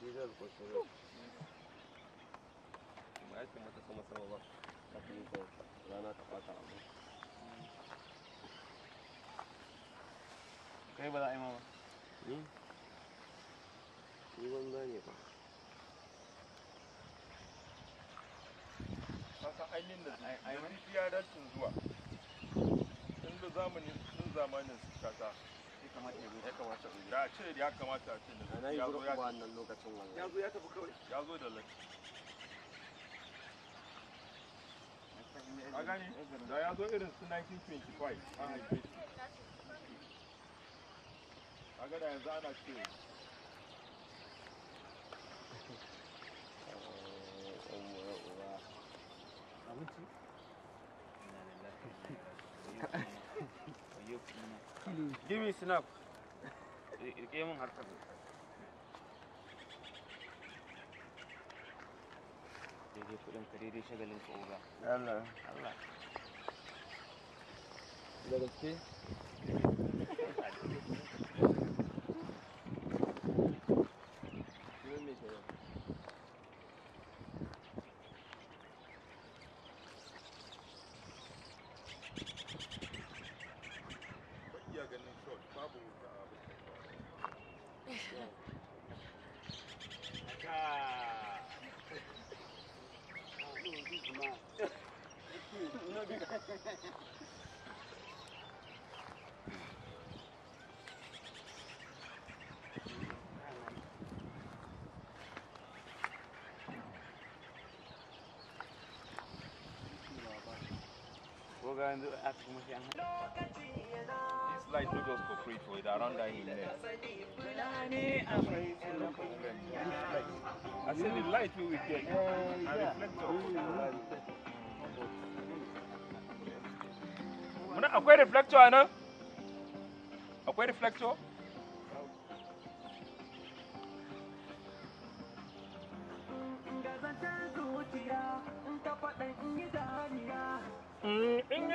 Сережа хочет Сережа. Понимаете, мы это само как не ba za a yi ma ba? Ni banza ne ba. Kasa ainihin da zurfi zuwa. Tun da zamanin kasa. kamata ya ya kamata ce ya ya zo da a gani da ya zo irin 1925 a gada yanzu ana ce Give me snap. Rike min harkar. Daidai kudin ka daidai shagalin ka Allah. Allah. Da gaske? Thank you. guy in the African This light we just go free for it around that in I said the light we will get and reflector. Muna akwai reflector a nan? Akwai reflector?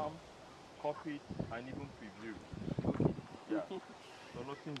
farm, copy it, and even preview. Yeah. so nothing